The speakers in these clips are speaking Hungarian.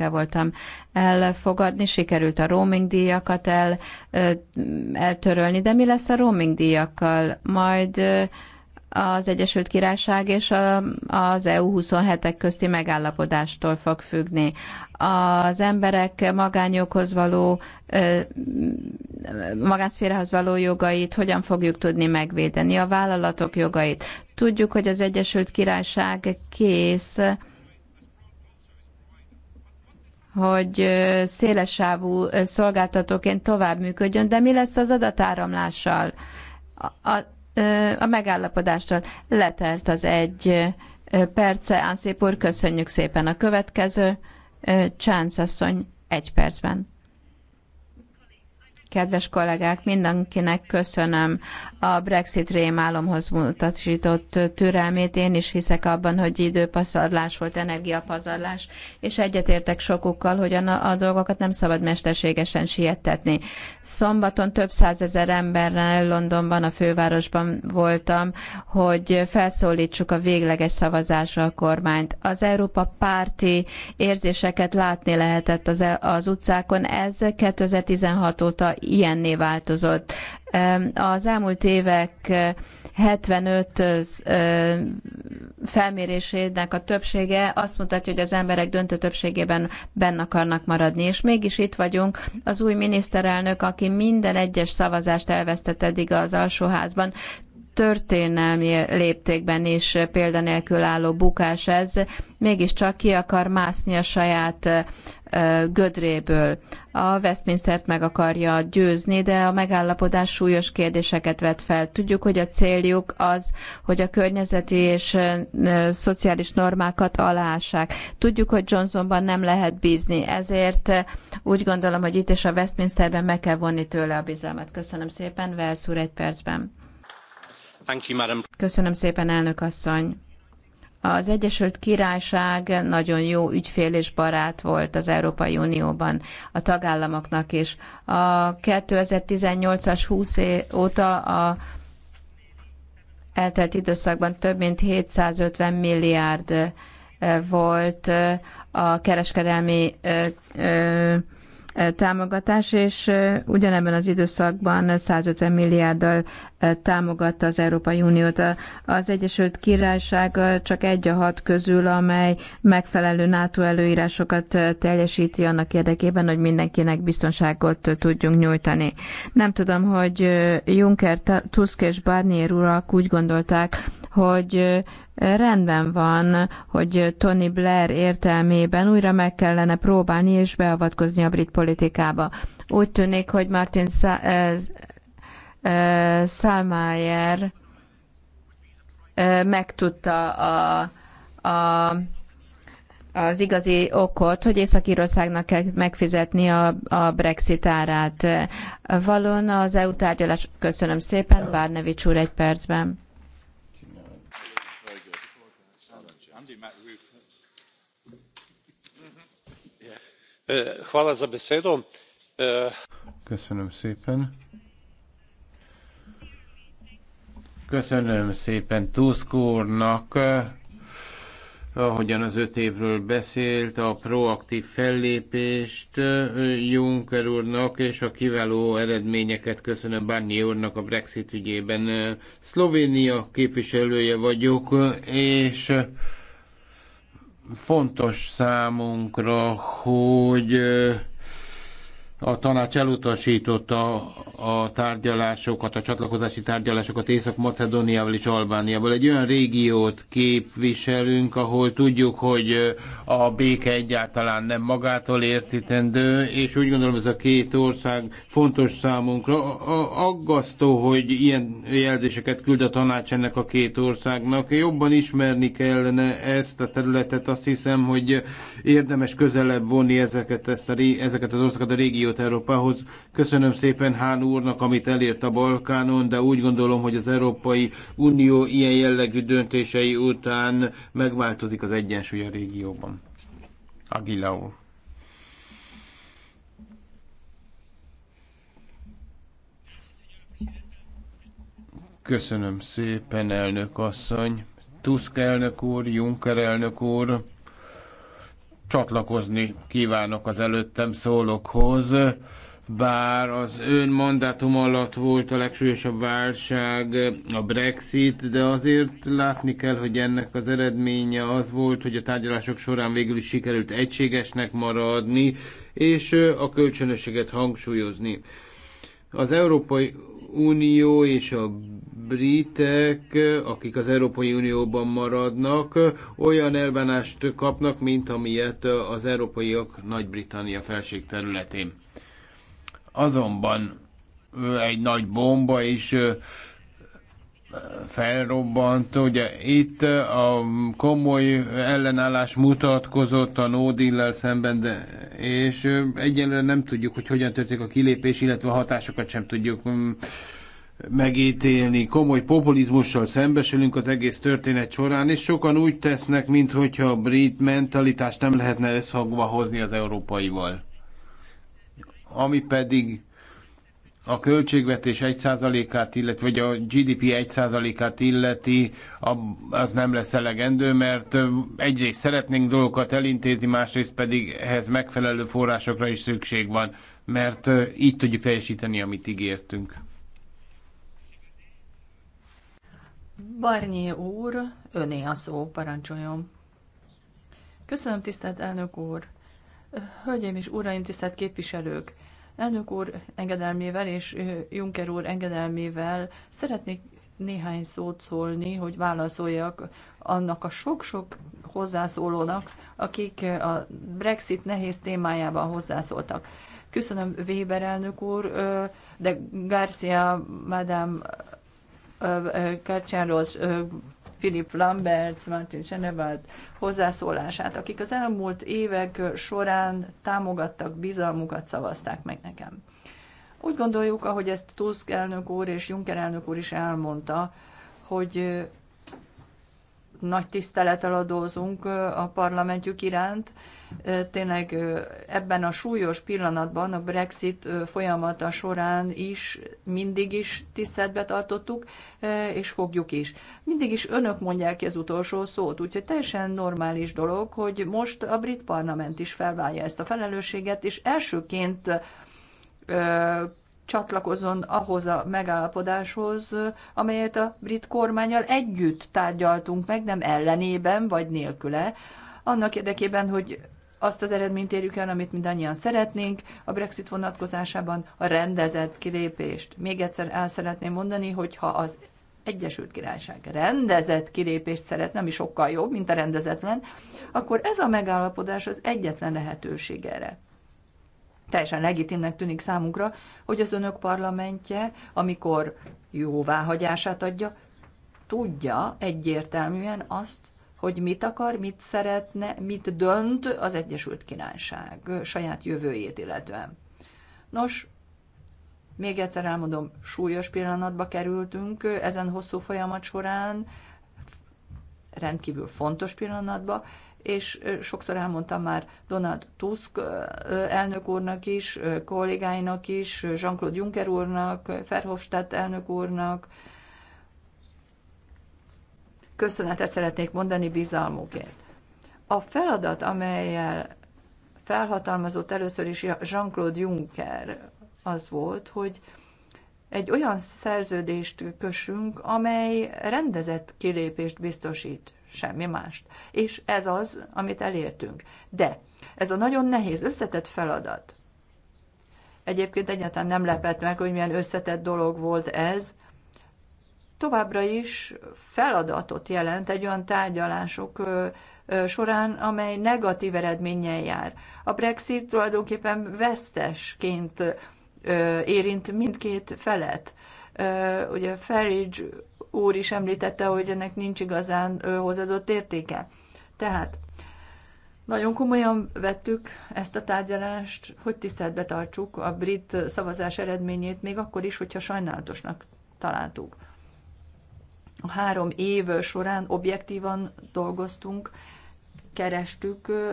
el voltam elfogadni, sikerült a roaming díjakat el, eltörölni, de mi lesz a roaming díjakkal? Majd az Egyesült Királyság és az EU 27-ek közti megállapodástól fog függni. Az emberek magányokhoz való, magánszférához való jogait hogyan fogjuk tudni megvédeni, a vállalatok jogait. Tudjuk, hogy az Egyesült Királyság kész hogy szélesávú szolgáltatóként tovább működjön, de mi lesz az adatáramlással, a, a, a megállapodástól? Letelt az egy perce, Ánszép úr, köszönjük szépen a következő. Csánc asszony, egy percben. Kedves kollégák, mindenkinek köszönöm a Brexit rémálomhoz mutatított türelmét. Én is hiszek abban, hogy időpazarlás volt, energiapazarlás, és egyetértek sokukkal, hogy a, a dolgokat nem szabad mesterségesen siettetni. Szombaton több százezer emberrel Londonban, a fővárosban voltam, hogy felszólítsuk a végleges szavazásra a kormányt. Az Európa párti érzéseket látni lehetett az, e- az utcákon. Ez 2016 óta ilyenné változott. Az elmúlt évek 75 eh, eh, eh, felmérésének a többsége azt mutatja, hogy az emberek döntő többségében benne akarnak maradni, és mégis itt vagyunk. Az új miniszterelnök, aki minden egyes szavazást elvesztett eddig az alsóházban, történelmi léptékben is példanélkül álló bukás ez, mégiscsak ki akar mászni a saját gödréből. A Westminster-t meg akarja győzni, de a megállapodás súlyos kérdéseket vet fel. Tudjuk, hogy a céljuk az, hogy a környezeti és szociális normákat aláássák. Tudjuk, hogy Johnsonban nem lehet bízni, ezért úgy gondolom, hogy itt és a Westminsterben meg kell vonni tőle a bizalmat. Köszönöm szépen, Velsz úr egy percben. Köszönöm szépen, elnök asszony. Az Egyesült Királyság nagyon jó ügyfél és barát volt az Európai Unióban, a tagállamoknak is. A 2018-as 20 óta a eltelt időszakban több mint 750 milliárd volt a kereskedelmi támogatás, és ugyanebben az időszakban 150 milliárddal támogatta az Európai Uniót. Az Egyesült Királyság csak egy a hat közül, amely megfelelő NATO előírásokat teljesíti annak érdekében, hogy mindenkinek biztonságot tudjunk nyújtani. Nem tudom, hogy Juncker, Tusk és Barnier urak úgy gondolták, hogy rendben van, hogy Tony Blair értelmében újra meg kellene próbálni és beavatkozni a brit politikába. Úgy tűnik, hogy Martin Sa- eh, eh, Salmayer eh, megtudta a, a az igazi okot, hogy Észak-Írországnak kell megfizetni a, a Brexit árát. Valóna az EU tárgyalás. Köszönöm szépen, Bárnevics úr egy percben. Köszönöm szépen. Köszönöm szépen Tusk úrnak, ahogyan az öt évről beszélt, a proaktív fellépést Juncker úrnak, és a kiváló eredményeket köszönöm Barnier úrnak a Brexit ügyében. Szlovénia képviselője vagyok, és Fontos számunkra, hogy a tanács elutasította a tárgyalásokat, a csatlakozási tárgyalásokat Észak-Macedóniával és Albániával. Egy olyan régiót képviselünk, ahol tudjuk, hogy a béke egyáltalán nem magától értítendő, és úgy gondolom ez a két ország fontos számunkra. Aggasztó, hogy ilyen jelzéseket küld a tanács ennek a két országnak. Jobban ismerni kellene ezt a területet, azt hiszem, hogy érdemes közelebb vonni ezeket, ezt a, ezeket az országokat a régió migrációt Európához. Köszönöm szépen Hán úrnak, amit elért a Balkánon, de úgy gondolom, hogy az Európai Unió ilyen jellegű döntései után megváltozik az egyensúly a régióban. Aguila úr. Köszönöm szépen, elnök asszony. Tusk elnök úr, Juncker elnök úr, csatlakozni kívánok az előttem szólókhoz, bár az ön mandátum alatt volt a legsúlyosabb válság a Brexit, de azért látni kell, hogy ennek az eredménye az volt, hogy a tárgyalások során végül is sikerült egységesnek maradni, és a kölcsönösséget hangsúlyozni. Az Európai Unió és a britek, akik az Európai Unióban maradnak, olyan elbánást kapnak, mint amilyet az európaiak Nagy-Britannia felség területén. Azonban egy nagy bomba is felrobbant. Ugye itt a komoly ellenállás mutatkozott a no deal szemben, de, és egyenlőre nem tudjuk, hogy hogyan történik a kilépés, illetve a hatásokat sem tudjuk mm, megítélni. Komoly populizmussal szembesülünk az egész történet során, és sokan úgy tesznek, mintha a brit mentalitást nem lehetne összhangba hozni az európaival. Ami pedig a költségvetés 1%-át illetve vagy a GDP 1%-át illeti, az nem lesz elegendő, mert egyrészt szeretnénk dolgokat elintézni, másrészt pedig ehhez megfelelő forrásokra is szükség van, mert így tudjuk teljesíteni, amit ígértünk. Barnyé úr, öné a szó, parancsoljon. Köszönöm, tisztelt elnök úr! Hölgyeim és uraim, tisztelt képviselők! Elnök úr engedelmével és Juncker úr engedelmével szeretnék néhány szót szólni, hogy válaszoljak annak a sok-sok hozzászólónak, akik a Brexit nehéz témájában hozzászóltak. Köszönöm Weber elnök úr, de Garcia, Madame Kárcsán Philip Lambert, Martin Senevald hozzászólását, akik az elmúlt évek során támogattak, bizalmukat szavazták meg nekem. Úgy gondoljuk, ahogy ezt Tusk elnök úr és Juncker elnök úr is elmondta, hogy nagy tisztelettel adózunk a parlamentjük iránt. Tényleg ebben a súlyos pillanatban, a Brexit folyamata során is mindig is tiszteletbe tartottuk, és fogjuk is. Mindig is önök mondják ki az utolsó szót, úgyhogy teljesen normális dolog, hogy most a brit parlament is felvállalja ezt a felelősséget, és elsőként csatlakozzon ahhoz a megállapodáshoz, amelyet a brit kormányal együtt tárgyaltunk meg, nem ellenében vagy nélküle, annak érdekében, hogy azt az eredményt érjük el, amit mindannyian szeretnénk a Brexit vonatkozásában, a rendezett kilépést. Még egyszer el szeretném mondani, hogy ha az Egyesült Királyság rendezett kilépést szeretne, ami sokkal jobb, mint a rendezetlen, akkor ez a megállapodás az egyetlen lehetőség erre teljesen legitimnek tűnik számunkra, hogy az önök parlamentje, amikor jóváhagyását adja, tudja egyértelműen azt, hogy mit akar, mit szeretne, mit dönt az Egyesült Királyság saját jövőjét illetve. Nos, még egyszer elmondom, súlyos pillanatba kerültünk ezen hosszú folyamat során, rendkívül fontos pillanatba, és sokszor elmondtam már Donald Tusk elnök úrnak is, kollégáinak is, Jean-Claude Juncker úrnak, Verhofstadt elnök úrnak. Köszönetet szeretnék mondani bizalmukért. A feladat, amelyel felhatalmazott először is Jean-Claude Juncker az volt, hogy egy olyan szerződést kössünk, amely rendezett kilépést biztosít semmi mást. És ez az, amit elértünk. De ez a nagyon nehéz, összetett feladat. Egyébként egyáltalán nem lepett meg, hogy milyen összetett dolog volt ez. Továbbra is feladatot jelent egy olyan tárgyalások során, amely negatív eredménnyel jár. A Brexit tulajdonképpen vesztesként érint mindkét felet. Ugye Farage úr is említette, hogy ennek nincs igazán hozzáadott értéke. Tehát nagyon komolyan vettük ezt a tárgyalást, hogy tiszteletbe tartsuk a brit szavazás eredményét, még akkor is, hogyha sajnálatosnak találtuk. A három év során objektívan dolgoztunk, kerestük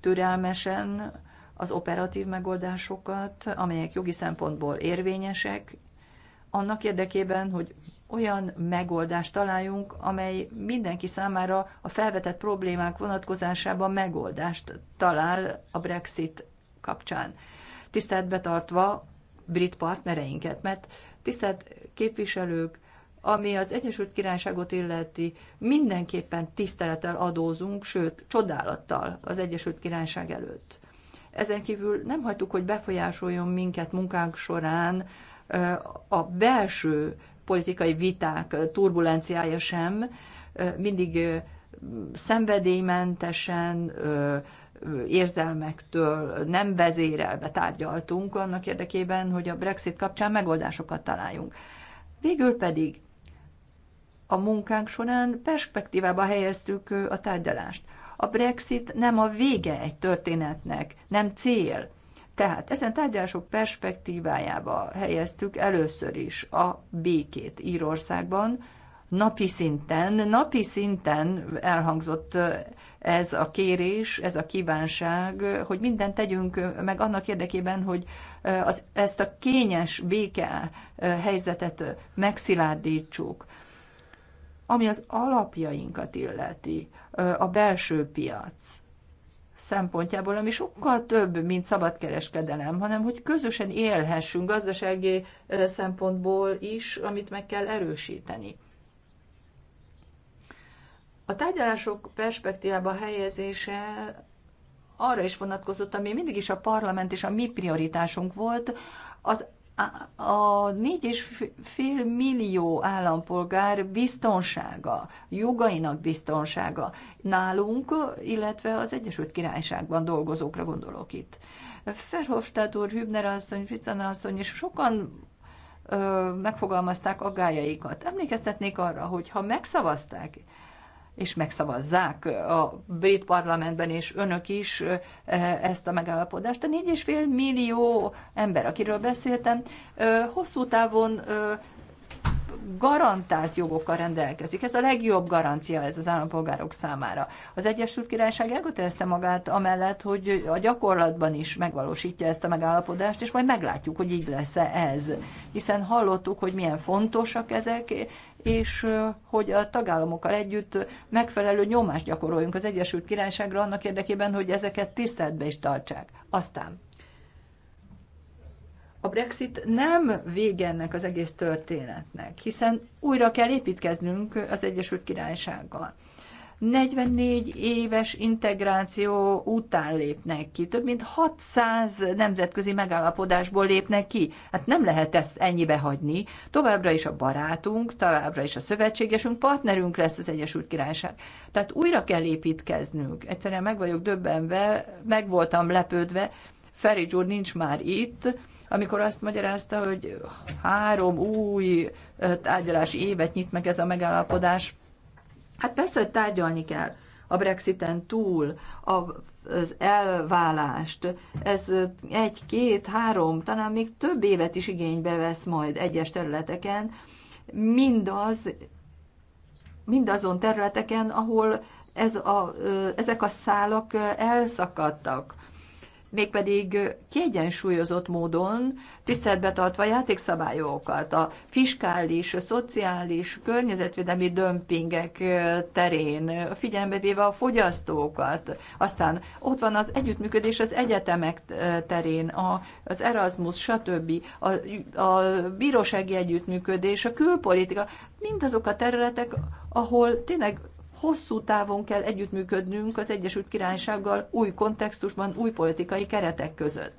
türelmesen az operatív megoldásokat, amelyek jogi szempontból érvényesek, annak érdekében, hogy olyan megoldást találjunk, amely mindenki számára a felvetett problémák vonatkozásában megoldást talál a Brexit kapcsán. Tisztelt betartva brit partnereinket, mert tisztelt képviselők, ami az Egyesült Királyságot illeti, mindenképpen tisztelettel adózunk, sőt, csodálattal az Egyesült Királyság előtt. Ezen kívül nem hagytuk, hogy befolyásoljon minket munkánk során a belső politikai viták turbulenciája sem mindig szenvedélymentesen, érzelmektől nem vezérelve tárgyaltunk annak érdekében, hogy a Brexit kapcsán megoldásokat találjunk. Végül pedig a munkánk során perspektívába helyeztük a tárgyalást. A Brexit nem a vége egy történetnek, nem cél. Tehát ezen tárgyalások perspektívájába helyeztük először is a békét Írországban, napi szinten, napi szinten elhangzott ez a kérés, ez a kívánság, hogy mindent tegyünk meg annak érdekében, hogy az, ezt a kényes béke helyzetet megszilárdítsuk. Ami az alapjainkat illeti, a belső piac, szempontjából, ami sokkal több, mint szabadkereskedelem, hanem hogy közösen élhessünk gazdasági szempontból is, amit meg kell erősíteni. A tárgyalások perspektívába helyezése arra is vonatkozott, ami mindig is a parlament és a mi prioritásunk volt, az a 4,5 millió állampolgár biztonsága, jogainak biztonsága nálunk, illetve az Egyesült Királyságban dolgozókra gondolok itt. Ferhofstadt úr, Hübner asszony, Ficana asszony, és sokan ö, megfogalmazták aggájaikat. Emlékeztetnék arra, hogy ha megszavazták és megszavazzák a brit parlamentben, és önök is e, ezt a megállapodást. A 4,5 millió ember, akiről beszéltem, hosszú távon garantált jogokkal rendelkezik. Ez a legjobb garancia ez az állampolgárok számára. Az Egyesült Királyság elkötelezte magát amellett, hogy a gyakorlatban is megvalósítja ezt a megállapodást, és majd meglátjuk, hogy így lesz-e ez. Hiszen hallottuk, hogy milyen fontosak ezek, és hogy a tagállamokkal együtt megfelelő nyomást gyakoroljunk az Egyesült Királyságra annak érdekében, hogy ezeket tiszteletbe is tartsák. Aztán a Brexit nem vége ennek az egész történetnek, hiszen újra kell építkeznünk az Egyesült Királysággal. 44 éves integráció után lépnek ki, több mint 600 nemzetközi megállapodásból lépnek ki. Hát nem lehet ezt ennyibe hagyni. Továbbra is a barátunk, továbbra is a szövetségesünk, partnerünk lesz az Egyesült Királyság. Tehát újra kell építkeznünk. Egyszerűen meg vagyok döbbenve, meg voltam lepődve, Feri Zsúr nincs már itt, amikor azt magyarázta, hogy három új tárgyalási évet nyit meg ez a megállapodás. Hát persze, hogy tárgyalni kell a Brexiten túl, az elválást, ez egy, két, három, talán még több évet is igénybe vesz majd egyes területeken, mindaz, mindazon területeken, ahol ez a, ezek a szálak elszakadtak mégpedig kiegyensúlyozott módon, tiszteletbe tartva a játékszabályokat, a fiskális, a szociális, környezetvédelmi dömpingek terén, figyelembe véve a fogyasztókat. Aztán ott van az együttműködés az egyetemek terén, az Erasmus, stb., a, a bírósági együttműködés, a külpolitika, mindazok a területek, ahol tényleg hosszú távon kell együttműködnünk az Egyesült Királysággal új kontextusban, új politikai keretek között.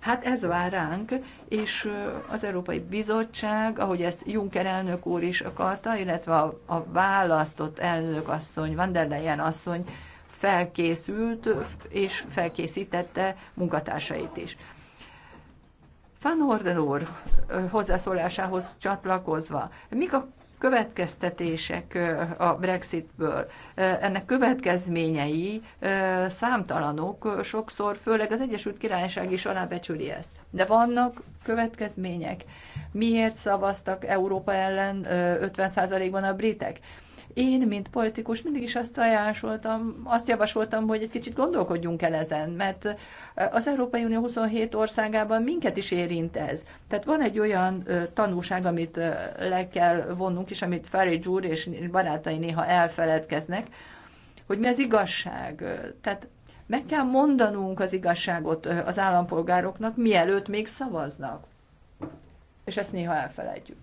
Hát ez vár ránk, és az Európai Bizottság, ahogy ezt Juncker elnök úr is akarta, illetve a, a választott elnök asszony, Van der Leyen asszony felkészült és felkészítette munkatársait is. Van Orden úr hozzászólásához csatlakozva, mik a következtetések a Brexitből. Ennek következményei számtalanok, sokszor főleg az Egyesült Királyság is alábecsüli ezt. De vannak következmények. Miért szavaztak Európa ellen 50%-ban a britek? én, mint politikus mindig is azt ajánlottam, azt javasoltam, hogy egy kicsit gondolkodjunk el ezen, mert az Európai Unió 27 országában minket is érint ez. Tehát van egy olyan tanulság, amit le kell vonnunk, és amit Farage úr és barátai néha elfeledkeznek, hogy mi az igazság. Tehát meg kell mondanunk az igazságot az állampolgároknak, mielőtt még szavaznak. És ezt néha elfelejtjük.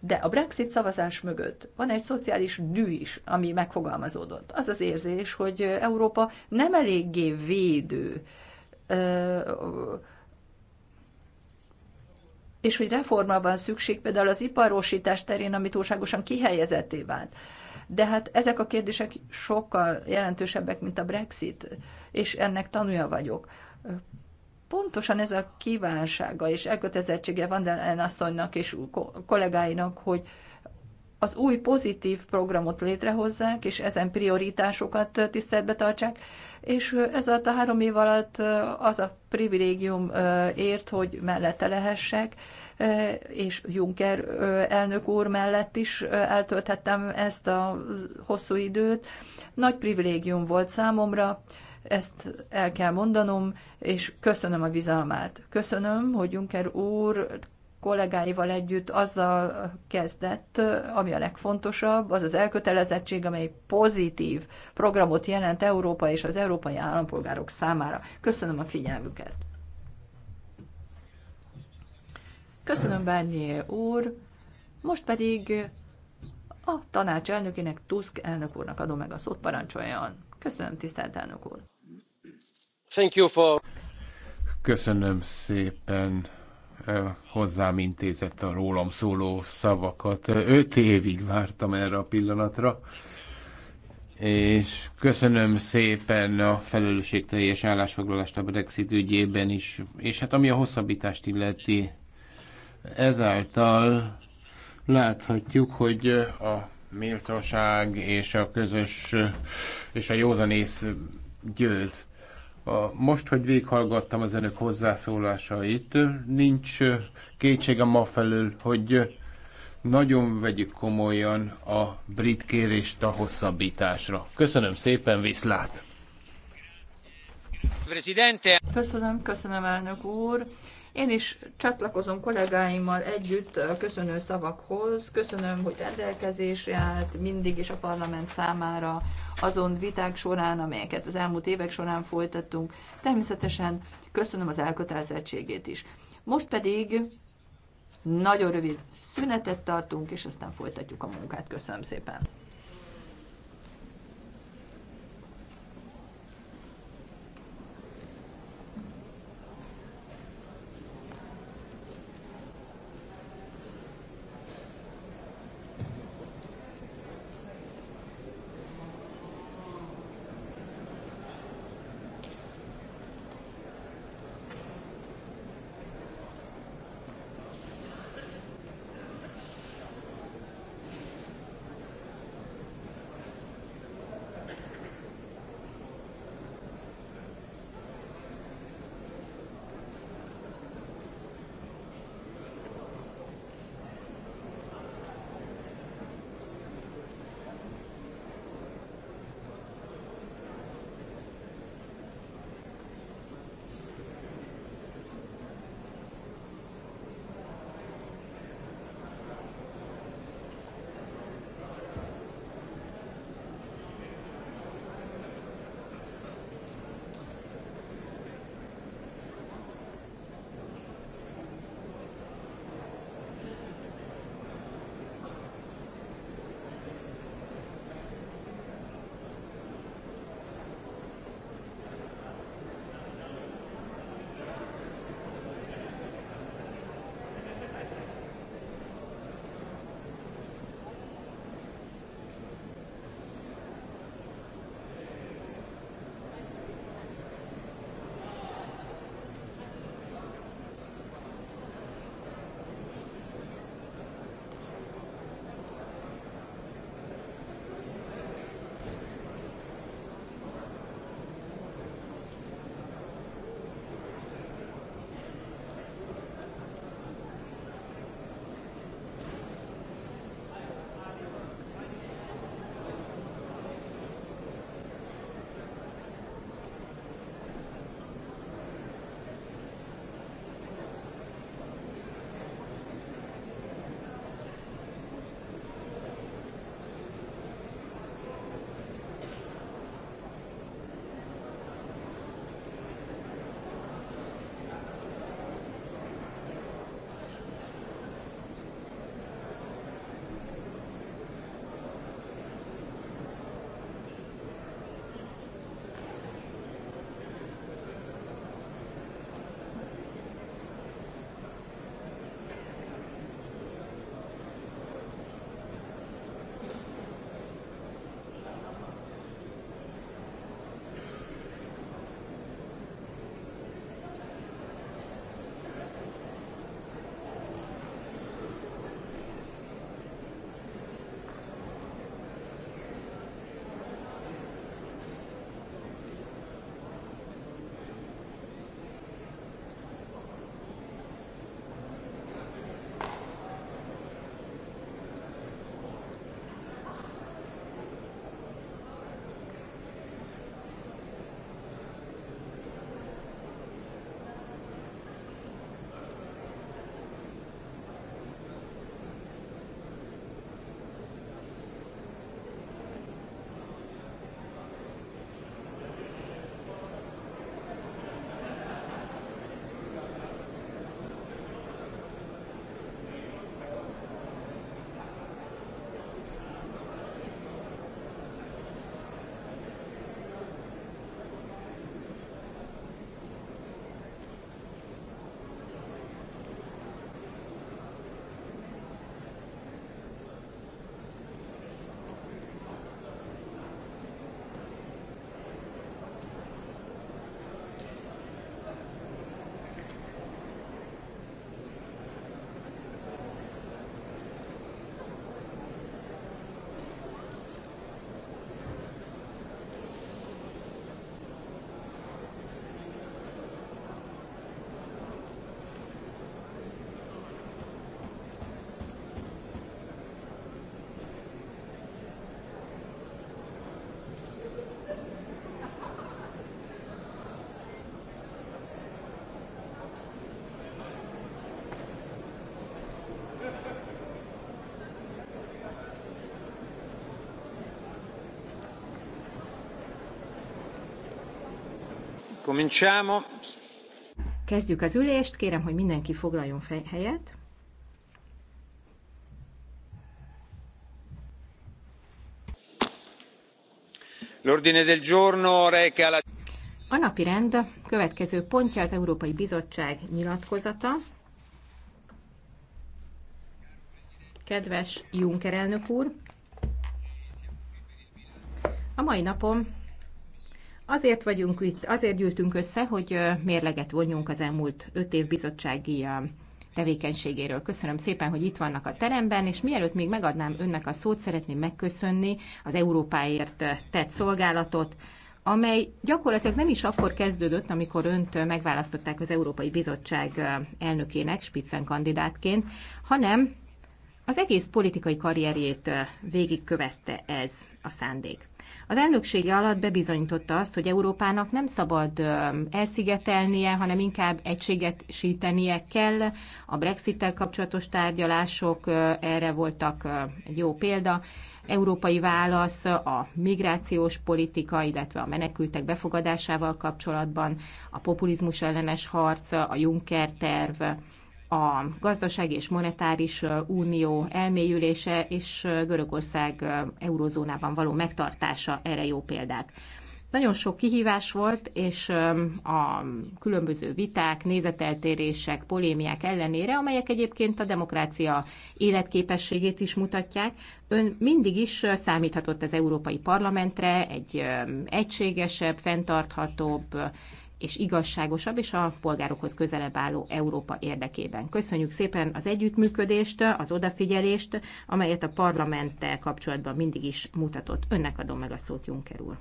De a Brexit szavazás mögött van egy szociális dű is, ami megfogalmazódott. Az az érzés, hogy Európa nem eléggé védő, és hogy reforma van szükség például az iparosítás terén, ami túlságosan kihelyezetté vált. De hát ezek a kérdések sokkal jelentősebbek, mint a Brexit, és ennek tanúja vagyok pontosan ez a kívánsága és elkötelezettsége Van der Leyen asszonynak és kollégáinak, hogy az új pozitív programot létrehozzák, és ezen prioritásokat tiszteletbe tartsák, és ez alatt a három év alatt az a privilégium ért, hogy mellette lehessek, és Juncker elnök úr mellett is eltölthettem ezt a hosszú időt. Nagy privilégium volt számomra, ezt el kell mondanom, és köszönöm a bizalmát. Köszönöm, hogy Juncker úr kollégáival együtt azzal kezdett, ami a legfontosabb, az az elkötelezettség, amely pozitív programot jelent Európa és az európai állampolgárok számára. Köszönöm a figyelmüket. Köszönöm, Bárnyé úr. Most pedig a tanács elnökének, Tusk elnök úrnak adom meg a szót, parancsoljon. Köszönöm, tisztelt elnök úr. Thank you for... Köszönöm szépen eh, hozzám intézett a rólam szóló szavakat. Öt évig vártam erre a pillanatra, és köszönöm szépen a felelősségteljes állásfoglalást a Brexit ügyében is, és hát ami a hosszabbítást illeti, ezáltal láthatjuk, hogy a méltóság és a közös és a józanész győz. A, most, hogy véghallgattam az önök hozzászólásait, nincs kétségem ma felől, hogy nagyon vegyük komolyan a brit kérést a hosszabbításra. Köszönöm szépen, viszlát! Köszönöm, köszönöm elnök úr! Én is csatlakozom kollégáimmal együtt a köszönő szavakhoz. Köszönöm, hogy rendelkezésre állt mindig is a parlament számára azon viták során, amelyeket az elmúlt évek során folytattunk. Természetesen köszönöm az elkötelezettségét is. Most pedig nagyon rövid szünetet tartunk, és aztán folytatjuk a munkát. Köszönöm szépen! Cominciamo. Kezdjük az ülést, kérem, hogy mindenki foglaljon helyet. L'ordine del giorno reca la... A napi rend következő pontja az Európai Bizottság nyilatkozata. Kedves Juncker elnök úr, a mai napon Azért vagyunk itt, azért gyűltünk össze, hogy mérleget vonjunk az elmúlt öt év bizottsági tevékenységéről. Köszönöm szépen, hogy itt vannak a teremben, és mielőtt még megadnám önnek a szót, szeretném megköszönni az Európáért tett szolgálatot, amely gyakorlatilag nem is akkor kezdődött, amikor önt megválasztották az Európai Bizottság elnökének, Spitzen kandidátként, hanem az egész politikai karrierjét végigkövette ez a szándék. Az elnöksége alatt bebizonyította azt, hogy Európának nem szabad elszigetelnie, hanem inkább egységesítenie kell. A Brexittel kapcsolatos tárgyalások erre voltak egy jó példa. Európai válasz a migrációs politika, illetve a menekültek befogadásával kapcsolatban, a populizmus ellenes harc, a Juncker terv, a gazdasági és monetáris unió elmélyülése és Görögország eurozónában való megtartása erre jó példák. Nagyon sok kihívás volt, és a különböző viták, nézeteltérések, polémiák ellenére, amelyek egyébként a demokrácia életképességét is mutatják, ön mindig is számíthatott az Európai Parlamentre egy egységesebb, fenntarthatóbb, és igazságosabb és a polgárokhoz közelebb álló Európa érdekében. Köszönjük szépen az együttműködést, az odafigyelést, amelyet a parlamenttel kapcsolatban mindig is mutatott. Önnek adom meg a szót, Juncker úr.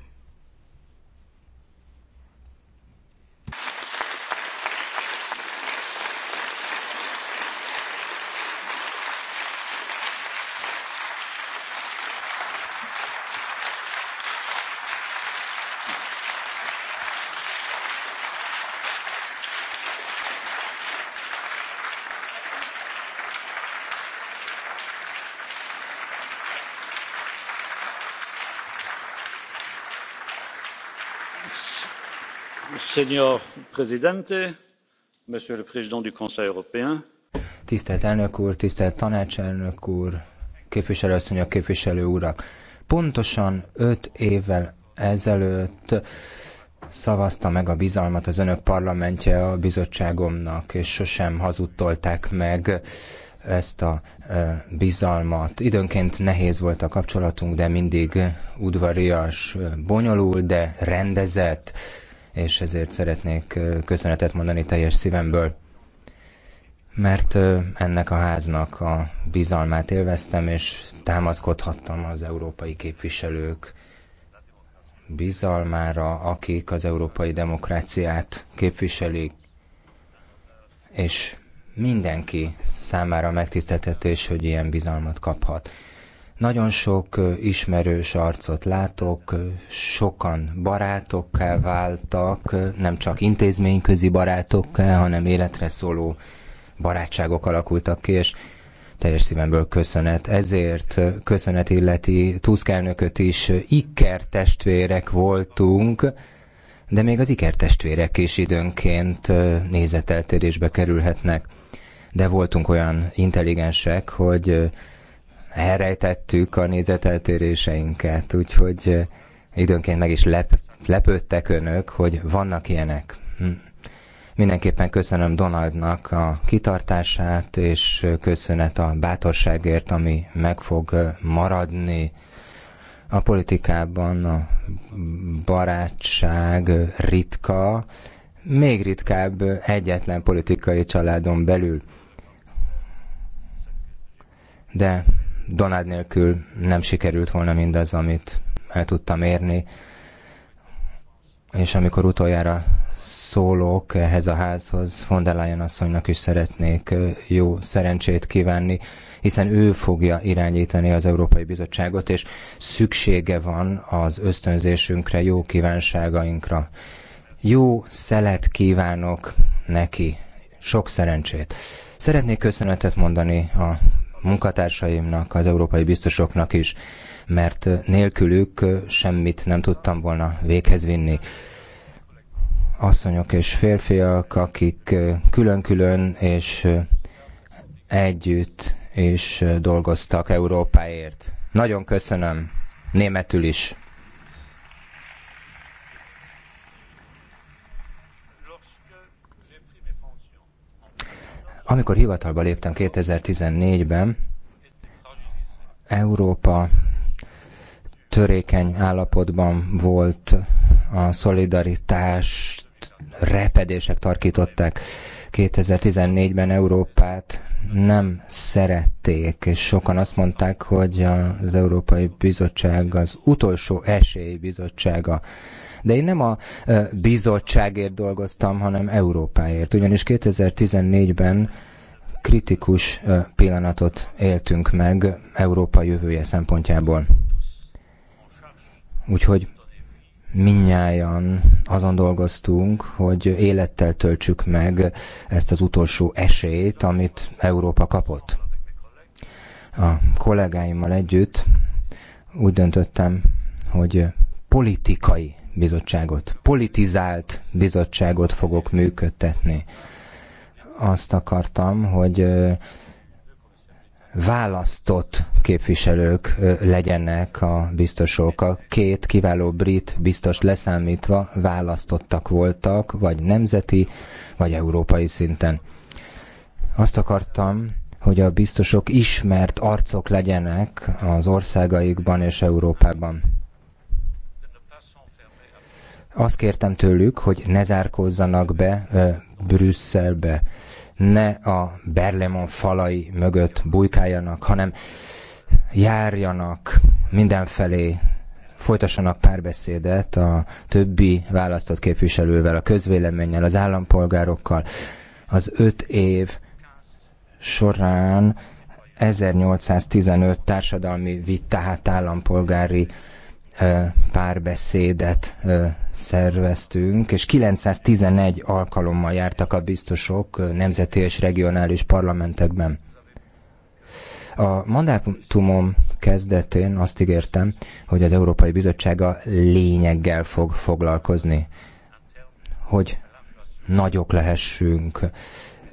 Tisztelt elnök úr, tisztelt tanácselnök úr, asszonyok képviselő urak. Pontosan öt évvel ezelőtt szavazta meg a bizalmat az önök parlamentje a bizottságomnak, és sosem hazudtolták meg ezt a e, bizalmat. Időnként nehéz volt a kapcsolatunk, de mindig udvarias, bonyolult, de rendezett és ezért szeretnék köszönetet mondani teljes szívemből, mert ennek a háznak a bizalmát élveztem, és támaszkodhattam az európai képviselők bizalmára, akik az európai demokráciát képviselik, és mindenki számára megtiszteltetés, hogy ilyen bizalmat kaphat. Nagyon sok ismerős arcot látok, sokan barátokká váltak, nem csak intézményközi barátokká, hanem életre szóló barátságok alakultak ki, és teljes szívemből köszönet. Ezért köszönet illeti Tusk elnököt is, iker testvérek voltunk, de még az iker testvérek is időnként nézeteltérésbe kerülhetnek. De voltunk olyan intelligensek, hogy elrejtettük a nézeteltéréseinket, úgyhogy időnként meg is lep, lepődtek önök, hogy vannak ilyenek. Hm. Mindenképpen köszönöm Donaldnak a kitartását, és köszönet a bátorságért, ami meg fog maradni. A politikában a barátság ritka, még ritkább egyetlen politikai családon belül. De Donald nélkül nem sikerült volna mindaz, amit el tudtam érni. És amikor utoljára szólok ehhez a házhoz, Fondelájan asszonynak is szeretnék jó szerencsét kívánni, hiszen ő fogja irányítani az Európai Bizottságot, és szüksége van az ösztönzésünkre, jó kívánságainkra. Jó szelet kívánok neki. Sok szerencsét. Szeretnék köszönetet mondani a munkatársaimnak, az európai biztosoknak is, mert nélkülük semmit nem tudtam volna véghez vinni. Asszonyok és férfiak, akik külön-külön és együtt és dolgoztak Európáért. Nagyon köszönöm, németül is. Amikor hivatalba léptem 2014-ben, Európa törékeny állapotban volt, a szolidaritás repedések tarkították. 2014-ben Európát nem szerették, és sokan azt mondták, hogy az Európai Bizottság az utolsó esélybizottsága. De én nem a bizottságért dolgoztam, hanem Európáért. Ugyanis 2014-ben kritikus pillanatot éltünk meg Európa jövője szempontjából. Úgyhogy minnyáján azon dolgoztunk, hogy élettel töltsük meg ezt az utolsó esélyt, amit Európa kapott. A kollégáimmal együtt úgy döntöttem, hogy politikai bizottságot, politizált bizottságot fogok működtetni. Azt akartam, hogy választott képviselők legyenek a biztosok. A két kiváló brit biztos leszámítva választottak voltak, vagy nemzeti, vagy európai szinten. Azt akartam, hogy a biztosok ismert arcok legyenek az országaikban és Európában. Azt kértem tőlük, hogy ne zárkózzanak be Brüsszelbe, ne a Berlemon falai mögött bujkáljanak, hanem járjanak mindenfelé, folytassanak párbeszédet a többi választott képviselővel, a közvéleménnyel, az állampolgárokkal. Az öt év során 1815 társadalmi vitát, állampolgári párbeszédet szerveztünk, és 911 alkalommal jártak a biztosok nemzeti és regionális parlamentekben. A mandátumom kezdetén azt ígértem, hogy az Európai Bizottság a lényeggel fog foglalkozni, hogy nagyok lehessünk,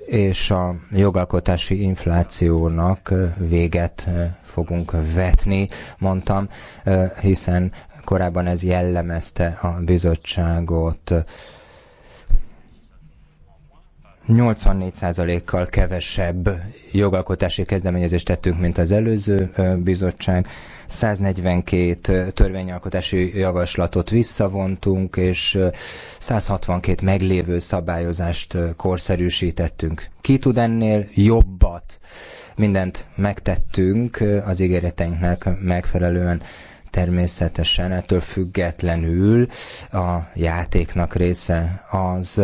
és a jogalkotási inflációnak véget fogunk vetni, mondtam, hiszen korábban ez jellemezte a bizottságot. 84%-kal kevesebb jogalkotási kezdeményezést tettünk, mint az előző bizottság. 142 törvényalkotási javaslatot visszavontunk, és 162 meglévő szabályozást korszerűsítettünk. Ki tud ennél jobbat? Mindent megtettünk az ígéreteinknek megfelelően természetesen ettől függetlenül a játéknak része az,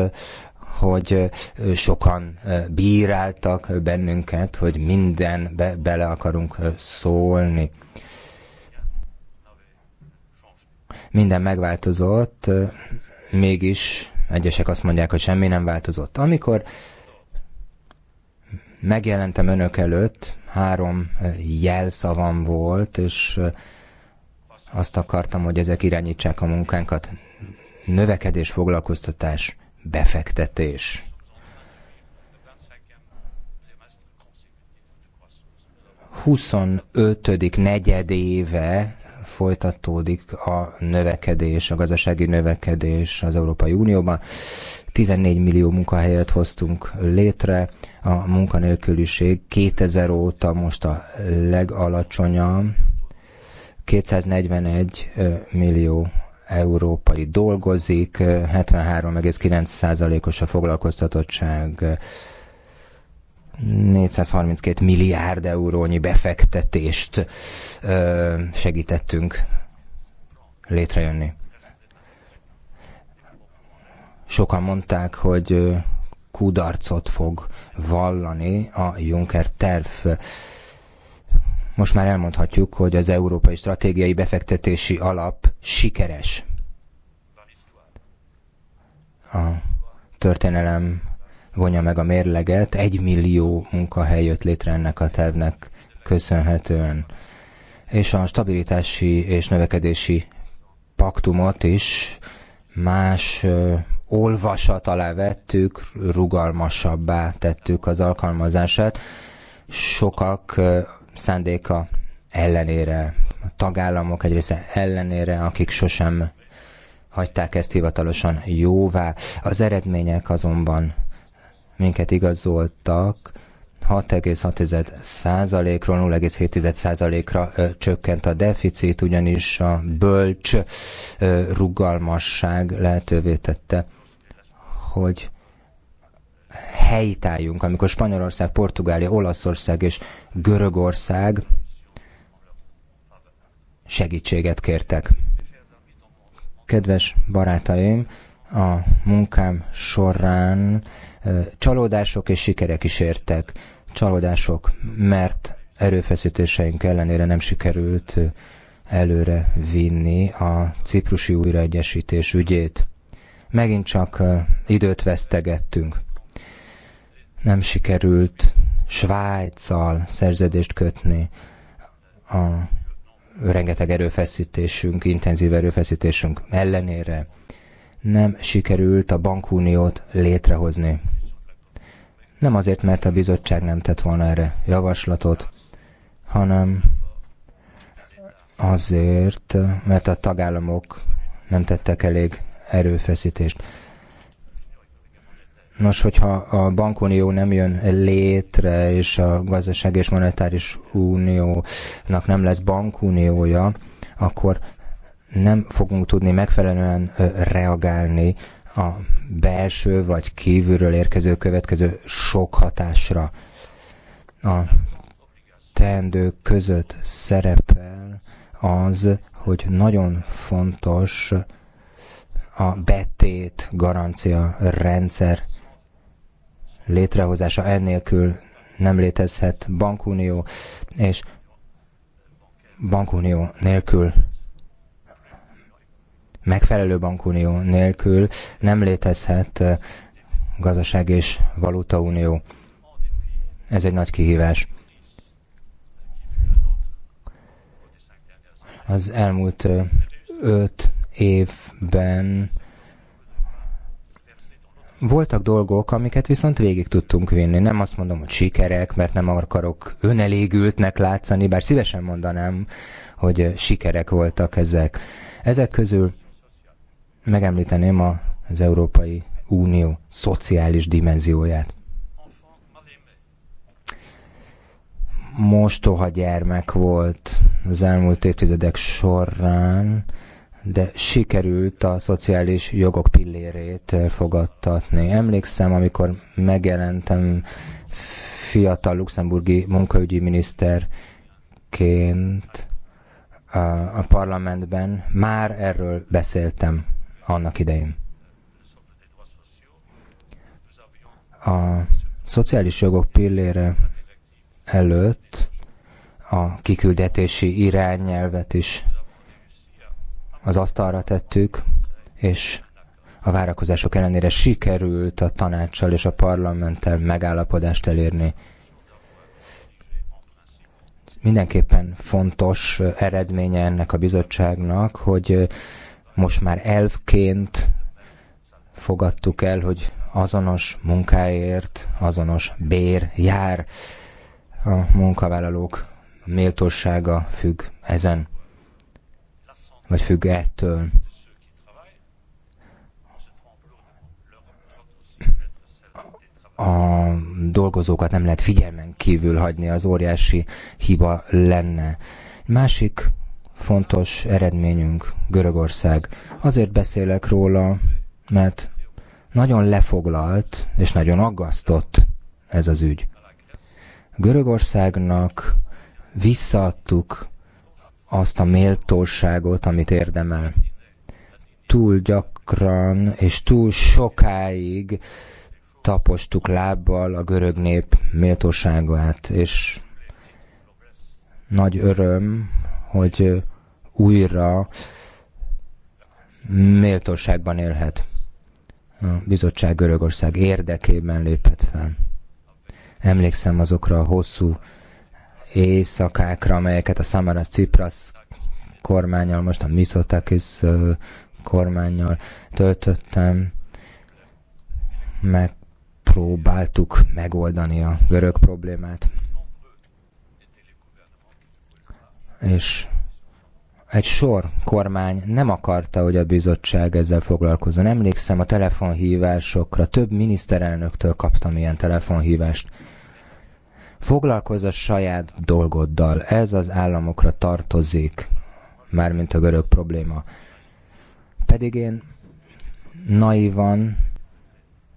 hogy sokan bíráltak bennünket, hogy mindenbe bele akarunk szólni. Minden megváltozott, mégis egyesek azt mondják, hogy semmi nem változott. Amikor megjelentem önök előtt, három jelszavam volt, és azt akartam, hogy ezek irányítsák a munkánkat. Növekedés, foglalkoztatás, befektetés. Huszonötödik negyedéve folytatódik a növekedés, a gazdasági növekedés az Európai Unióban. 14 millió munkahelyet hoztunk létre, a munkanélküliség 2000 óta most a legalacsonyabb, 241 millió európai dolgozik, 73,9%-os a foglalkoztatottság, 432 milliárd eurónyi befektetést segítettünk létrejönni. Sokan mondták, hogy kudarcot fog vallani a Juncker terv most már elmondhatjuk, hogy az Európai Stratégiai Befektetési Alap sikeres a történelem vonja meg a mérleget, egy millió munkahely jött létre ennek a tervnek köszönhetően. És a stabilitási és növekedési paktumot is más olvasat alá vettük, rugalmasabbá tettük az alkalmazását. Sokak szándéka ellenére, a tagállamok egy része ellenére, akik sosem hagyták ezt hivatalosan jóvá. Az eredmények azonban minket igazoltak, 6,6%-ról 0,7%-ra csökkent a deficit, ugyanis a bölcs ö, rugalmasság lehetővé tette, hogy helytájunk, amikor Spanyolország, Portugália, Olaszország és Görögország segítséget kértek. Kedves barátaim, a munkám során csalódások és sikerek is értek. Csalódások, mert erőfeszítéseink ellenére nem sikerült előre vinni a ciprusi újraegyesítés ügyét. Megint csak időt vesztegettünk nem sikerült Svájccal szerződést kötni a rengeteg erőfeszítésünk, intenzív erőfeszítésünk ellenére nem sikerült a bankuniót létrehozni. Nem azért, mert a bizottság nem tett volna erre javaslatot, hanem azért, mert a tagállamok nem tettek elég erőfeszítést. Nos, hogyha a bankunió nem jön létre, és a gazdaság és monetáris uniónak nem lesz bankuniója, akkor nem fogunk tudni megfelelően reagálni a belső vagy kívülről érkező következő sok hatásra. A teendők között szerepel az, hogy nagyon fontos a betét garancia rendszer létrehozása ennélkül nem létezhet bankunió, és bankunió nélkül megfelelő bankunió nélkül nem létezhet gazdaság és valutaunió. Ez egy nagy kihívás. Az elmúlt öt évben voltak dolgok, amiket viszont végig tudtunk vinni. Nem azt mondom, hogy sikerek, mert nem akarok önelégültnek látszani, bár szívesen mondanám, hogy sikerek voltak ezek. Ezek közül megemlíteném az Európai Unió szociális dimenzióját. Mostoha gyermek volt az elmúlt évtizedek során, de sikerült a szociális jogok pillérét eh, fogadtatni. Emlékszem, amikor megjelentem fiatal luxemburgi munkaügyi miniszterként a parlamentben, már erről beszéltem annak idején. A szociális jogok pillére előtt a kiküldetési irányelvet is az asztalra tettük, és a várakozások ellenére sikerült a tanácssal és a parlamenttel megállapodást elérni. Mindenképpen fontos eredménye ennek a bizottságnak, hogy most már elvként fogadtuk el, hogy azonos munkáért azonos bér jár. A munkavállalók méltósága függ ezen vagy függ -e ettől. A dolgozókat nem lehet figyelmen kívül hagyni, az óriási hiba lenne. Másik fontos eredményünk Görögország. Azért beszélek róla, mert nagyon lefoglalt és nagyon aggasztott ez az ügy. Görögországnak visszaadtuk azt a méltóságot, amit érdemel. Túl gyakran és túl sokáig tapostuk lábbal a görög nép méltóságát, és nagy öröm, hogy újra méltóságban élhet. A bizottság Görögország érdekében lépett fel. Emlékszem azokra a hosszú éjszakákra, amelyeket a Samaras Cipras kormányal, most a Misotakis kormányjal töltöttem, megpróbáltuk megoldani a görög problémát. És egy sor kormány nem akarta, hogy a bizottság ezzel foglalkozzon. Emlékszem a telefonhívásokra, több miniszterelnöktől kaptam ilyen telefonhívást. Foglalkozz a saját dolgoddal. Ez az államokra tartozik, mármint a görög probléma. Pedig én naivan,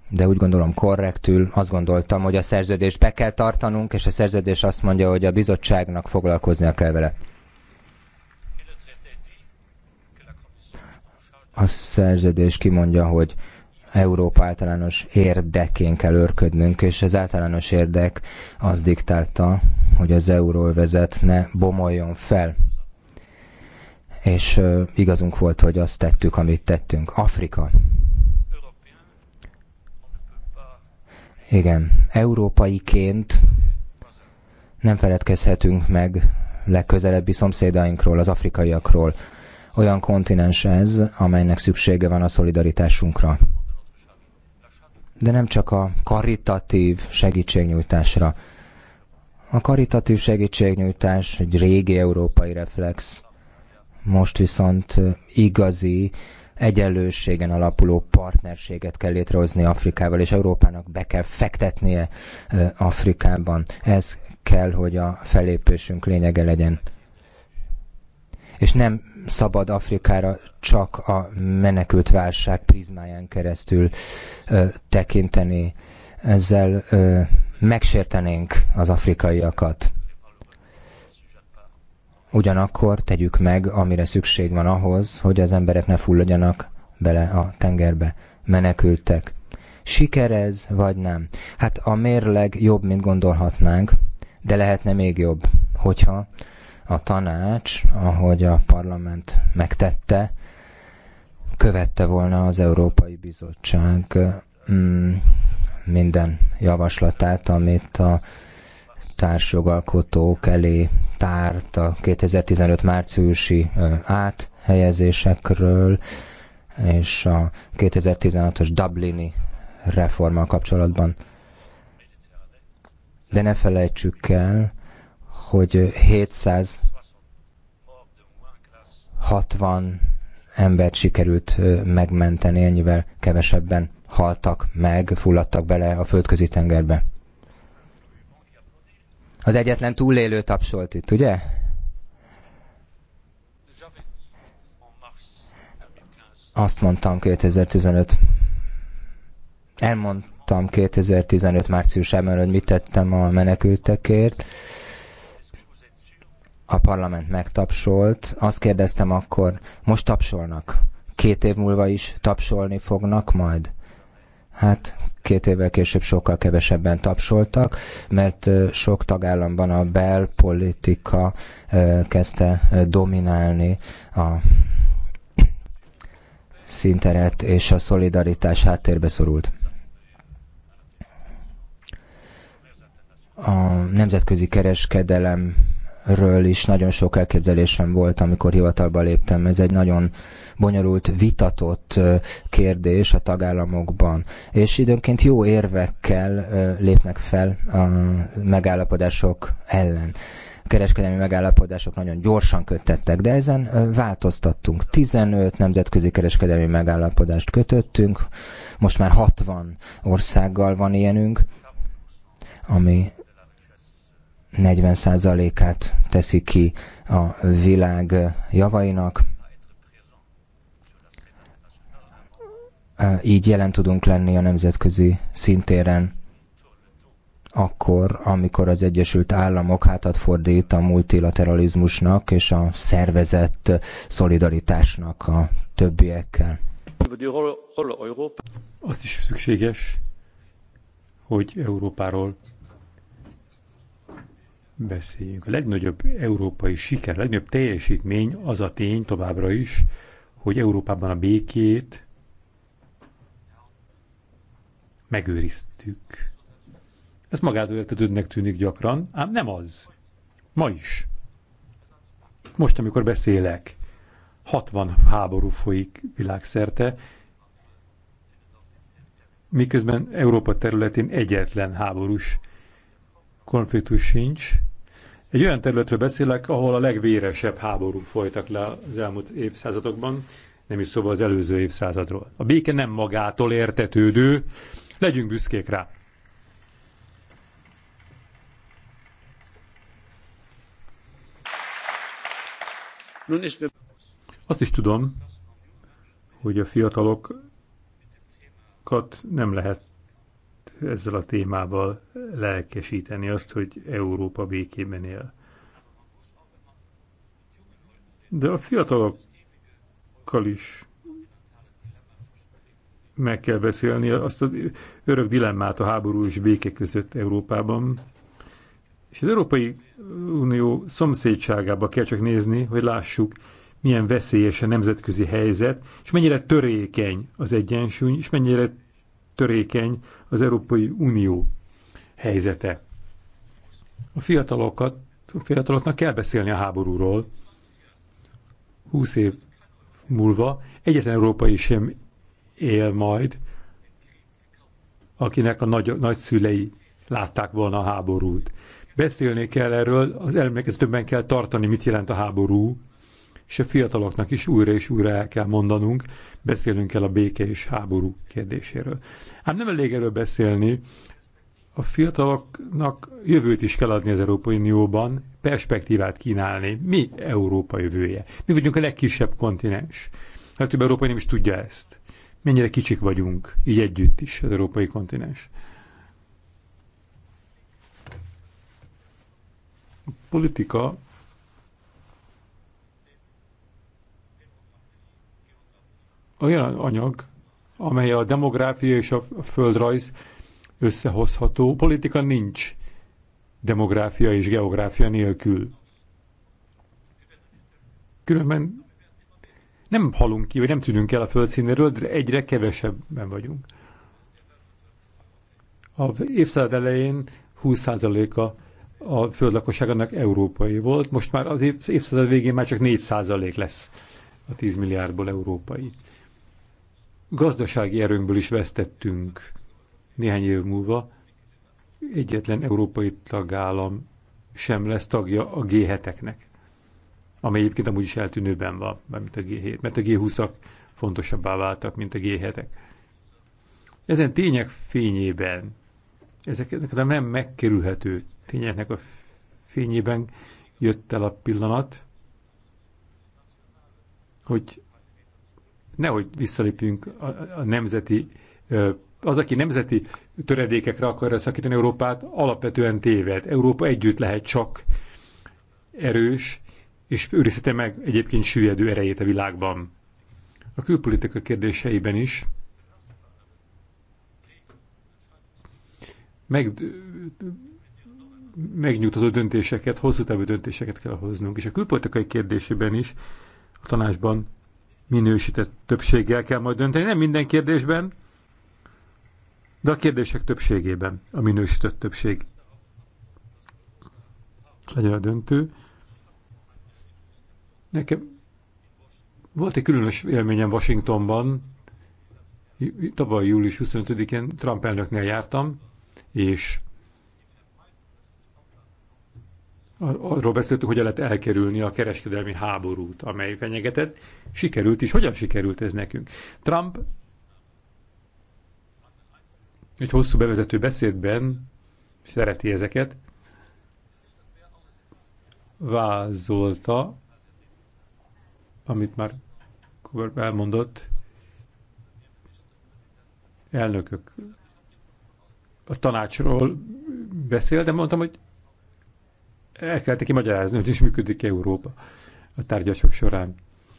de úgy gondolom korrektül, azt gondoltam, hogy a szerződést be kell tartanunk, és a szerződés azt mondja, hogy a bizottságnak foglalkoznia kell vele. A szerződés kimondja, hogy Európa általános érdekén kell örködnünk, és az általános érdek az diktálta, hogy az euról vezet ne bomoljon fel. És igazunk volt, hogy azt tettük, amit tettünk. Afrika. Igen, európaiként nem feledkezhetünk meg legközelebbi szomszédainkról, az afrikaiakról. Olyan kontinens ez, amelynek szüksége van a szolidaritásunkra de nem csak a karitatív segítségnyújtásra. A karitatív segítségnyújtás egy régi európai reflex, most viszont igazi, egyenlőségen alapuló partnerséget kell létrehozni Afrikával, és Európának be kell fektetnie Afrikában. Ez kell, hogy a felépésünk lényege legyen. És nem szabad Afrikára csak a menekült válság prizmáján keresztül ö, tekinteni. Ezzel ö, megsértenénk az afrikaiakat. Ugyanakkor tegyük meg, amire szükség van ahhoz, hogy az emberek ne fulladjanak bele a tengerbe. Menekültek. Sikerez vagy nem? Hát a mérleg jobb, mint gondolhatnánk, de lehetne még jobb, hogyha a tanács, ahogy a parlament megtette, követte volna az Európai Bizottság mm, minden javaslatát, amit a társjogalkotók elé tárt a 2015 márciusi áthelyezésekről, és a 2016-os Dublini reformmal kapcsolatban. De ne felejtsük el, hogy 760 embert sikerült megmenteni, ennyivel kevesebben haltak meg, fulladtak bele a földközi tengerbe. Az egyetlen túlélő tapsolt itt, ugye? Azt mondtam 2015. Elmondtam 2015 márciusában, hogy mit tettem a menekültekért a parlament megtapsolt. Azt kérdeztem akkor, most tapsolnak. Két év múlva is tapsolni fognak majd? Hát két évvel később sokkal kevesebben tapsoltak, mert sok tagállamban a belpolitika kezdte dominálni a szinteret és a szolidaritás háttérbe szorult. A nemzetközi kereskedelem ről is nagyon sok elképzelésem volt, amikor hivatalba léptem. Ez egy nagyon bonyolult, vitatott kérdés a tagállamokban. És időnként jó érvekkel lépnek fel a megállapodások ellen kereskedelmi megállapodások nagyon gyorsan kötettek, de ezen változtattunk. 15 nemzetközi kereskedelmi megállapodást kötöttünk, most már 60 országgal van ilyenünk, ami 40%-át teszi ki a világ javainak. Így jelen tudunk lenni a nemzetközi szintéren akkor, amikor az Egyesült Államok hátat fordít a multilateralizmusnak és a szervezett szolidaritásnak a többiekkel. Azt is szükséges, hogy Európáról beszéljünk. A legnagyobb európai siker, a legnagyobb teljesítmény az a tény továbbra is, hogy Európában a békét megőriztük. Ez magától értetődnek tűnik gyakran, ám nem az. Ma is. Most, amikor beszélek, 60 háború folyik világszerte, miközben Európa területén egyetlen háborús konfliktus sincs, egy olyan területről beszélek, ahol a legvéresebb háborúk folytak le az elmúlt évszázadokban, nem is szóval az előző évszázadról. A béke nem magától értetődő, legyünk büszkék rá. Azt is tudom, hogy a fiatalokat nem lehet ezzel a témával lelkesíteni azt, hogy Európa békében él. De a fiatalokkal is meg kell beszélni azt az örök dilemmát a háború és béke között Európában. És az Európai Unió szomszédságába kell csak nézni, hogy lássuk, milyen veszélyes a nemzetközi helyzet, és mennyire törékeny az egyensúly, és mennyire törékeny az Európai Unió helyzete. A fiatalokat, a fiataloknak kell beszélni a háborúról. Húsz év múlva egyetlen európai sem él majd, akinek a nagy, nagyszülei látták volna a háborút. Beszélni kell erről, az elmékezetőben kell tartani, mit jelent a háború, és a fiataloknak is újra és újra el kell mondanunk, beszélünk kell a béke és háború kérdéséről. Ám hát nem elég erről beszélni, a fiataloknak jövőt is kell adni az Európai Unióban, perspektívát kínálni. Mi Európa jövője? Mi vagyunk a legkisebb kontinens. Hát több európai nem is tudja ezt. Mennyire kicsik vagyunk, így együtt is az európai kontinens. A politika olyan anyag, amely a demográfia és a földrajz összehozható. Politika nincs demográfia és geográfia nélkül. Különben nem halunk ki, vagy nem tűnünk el a földszínéről, de egyre kevesebben vagyunk. A évszázad elején 20%-a a föld európai volt, most már az évszázad végén már csak 4% lesz a 10 milliárdból európai gazdasági erőnkből is vesztettünk néhány év múlva. Egyetlen európai tagállam sem lesz tagja a G7-eknek, amely egyébként amúgy is eltűnőben van, mint a G7, mert a G20-ak fontosabbá váltak, mint a G7-ek. Ezen tények fényében, ezeknek a nem megkerülhető tényeknek a fényében jött el a pillanat, hogy nehogy visszalépjünk a, a nemzeti az, aki nemzeti töredékekre akarja szakítani Európát, alapvetően téved. Európa együtt lehet csak erős, és őrizheti meg egyébként süllyedő erejét a világban. A külpolitika kérdéseiben is meg, megnyugtató döntéseket, hosszú távú döntéseket kell hoznunk, és a külpolitikai kérdésében is a tanácsban minősített többséggel kell majd dönteni. Nem minden kérdésben, de a kérdések többségében a minősített többség legyen a döntő. Nekem volt egy különös élményem Washingtonban, tavaly július 25-én Trump elnöknél jártam, és arról beszéltük, hogy lehet elkerülni a kereskedelmi háborút, amely fenyegetett. Sikerült is. Hogyan sikerült ez nekünk? Trump egy hosszú bevezető beszédben szereti ezeket, vázolta, amit már elmondott, elnökök a tanácsról beszél, de mondtam, hogy el kell neki magyarázni, hogy is működik Európa a tárgyások során.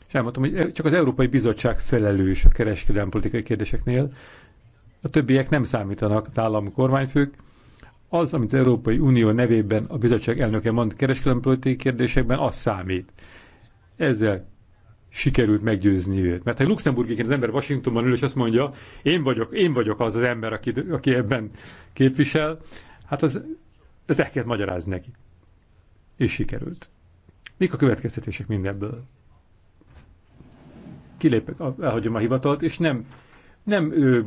És elmondtam, hogy csak az Európai Bizottság felelős a kereskedelmi politikai kérdéseknél, a többiek nem számítanak az állam kormányfők. Az, amit az Európai Unió nevében a bizottság elnöke mond kereskedelmi politikai kérdésekben, az számít. Ezzel sikerült meggyőzni őt. Mert ha luxemburgiként az ember Washingtonban ül, és azt mondja, én vagyok, én vagyok az az ember, aki, aki ebben képvisel, hát az, ez el kell magyarázni neki és sikerült. Mik a következtetések mindebből? Kilépek, elhagyom a hivatalt, és nem, nem ő,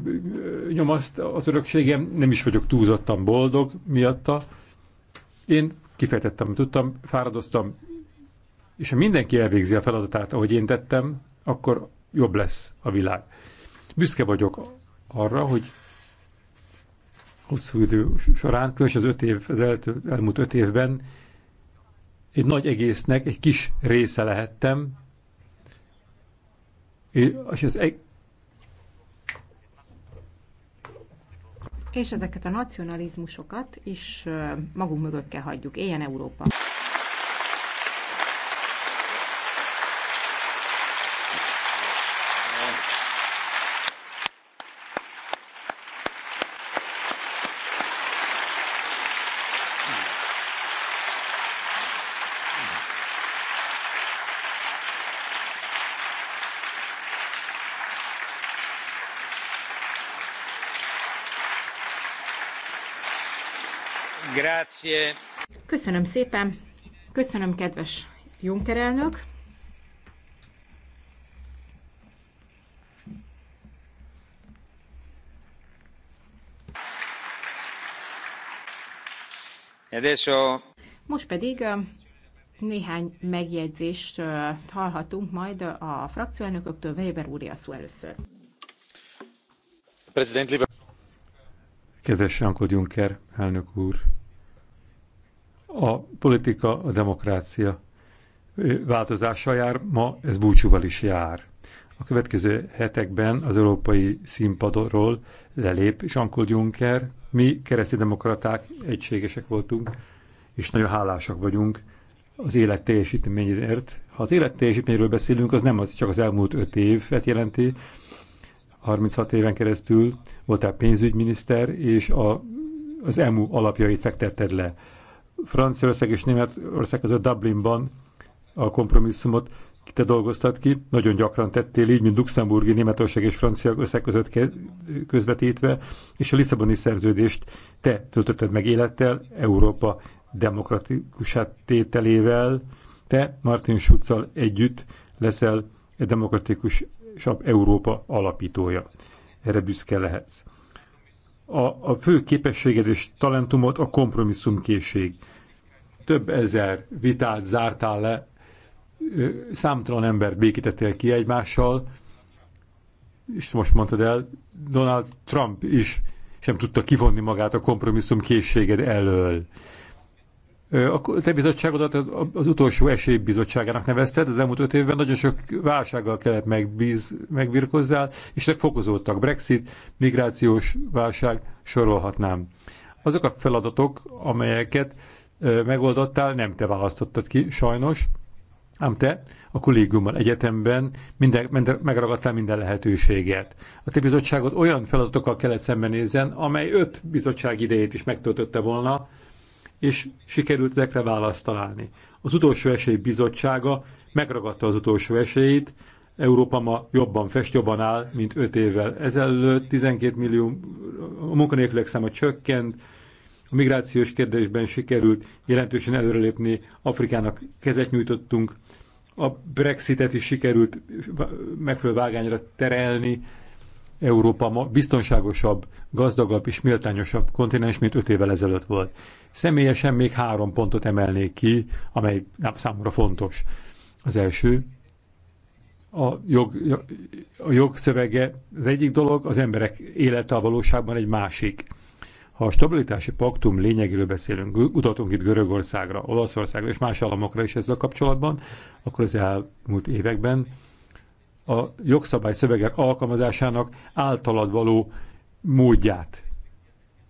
nyomaszt az örökségem, nem is vagyok túlzottan boldog miatta. Én kifejtettem, tudtam, fáradoztam, és ha mindenki elvégzi a feladatát, ahogy én tettem, akkor jobb lesz a világ. Büszke vagyok arra, hogy hosszú idő során, különösen az öt év, az el, elmúlt öt évben egy nagy egésznek egy kis része lehettem, és az eg- és ezeket a nacionalizmusokat is magunk mögött kell hagyjuk. Éljen Európa! Grazie. Köszönöm szépen. Köszönöm, kedves Juncker elnök. Most pedig néhány megjegyzést hallhatunk majd a frakcióelnököktől. Weber úr, a szó először. Kedves jean Juncker, elnök úr, a politika, a demokrácia változással jár, ma ez búcsúval is jár. A következő hetekben az európai színpadról lelép Jean-Claude Juncker. Mi demokraták egységesek voltunk, és nagyon hálásak vagyunk az élet teljesítményért. Ha az élet teljesítményről beszélünk, az nem az, csak az elmúlt öt évet jelenti. 36 éven keresztül voltál pénzügyminiszter, és a, az EMU alapjait fektetted le Franciaország és Németország között Dublinban a kompromisszumot te dolgoztad ki, nagyon gyakran tettél így, mint Luxemburgi, Németország és Franciaország között közvetítve, és a Lisszaboni szerződést te töltötted meg élettel, Európa demokratikusát tételével, te Martin schulz együtt leszel a demokratikusabb Európa alapítója. Erre büszke lehetsz a, a fő képességed és talentumot a kompromisszumkészség. Több ezer vitát zártál le, számtalan embert békítettél ki egymással, és most mondtad el, Donald Trump is sem tudta kivonni magát a kompromisszum készséged elől. A te bizottságodat az utolsó esély bizottságának nevezted, az elmúlt öt évben nagyon sok válsággal kellett megbíz, megbirkozzál, és ezek fokozódtak. Brexit, migrációs válság, sorolhatnám. Azok a feladatok, amelyeket megoldottál, nem te választottad ki, sajnos, ám te a kollégiummal egyetemben minden, minden, megragadtál minden lehetőséget. A te bizottságod olyan feladatokkal kellett szembenézzen, amely öt bizottság idejét is megtöltötte volna, és sikerült ezekre választ találni. Az utolsó esély bizottsága megragadta az utolsó esélyét, Európa ma jobban fest, jobban áll, mint 5 évvel ezelőtt. 12 millió a munkanélkülek száma csökkent, a migrációs kérdésben sikerült jelentősen előrelépni, Afrikának kezet nyújtottunk, a Brexitet is sikerült megfelelő vágányra terelni, Európa ma biztonságosabb, gazdagabb és méltányosabb kontinens, mint öt évvel ezelőtt volt. Személyesen még három pontot emelnék ki, amely számomra fontos. Az első, a, jog, a jogszövege az egyik dolog, az emberek élete a valóságban egy másik. Ha a stabilitási paktum lényegéről beszélünk, utatunk itt Görögországra, Olaszországra és más államokra is ezzel kapcsolatban, akkor az elmúlt években a jogszabály szövegek alkalmazásának általad való módját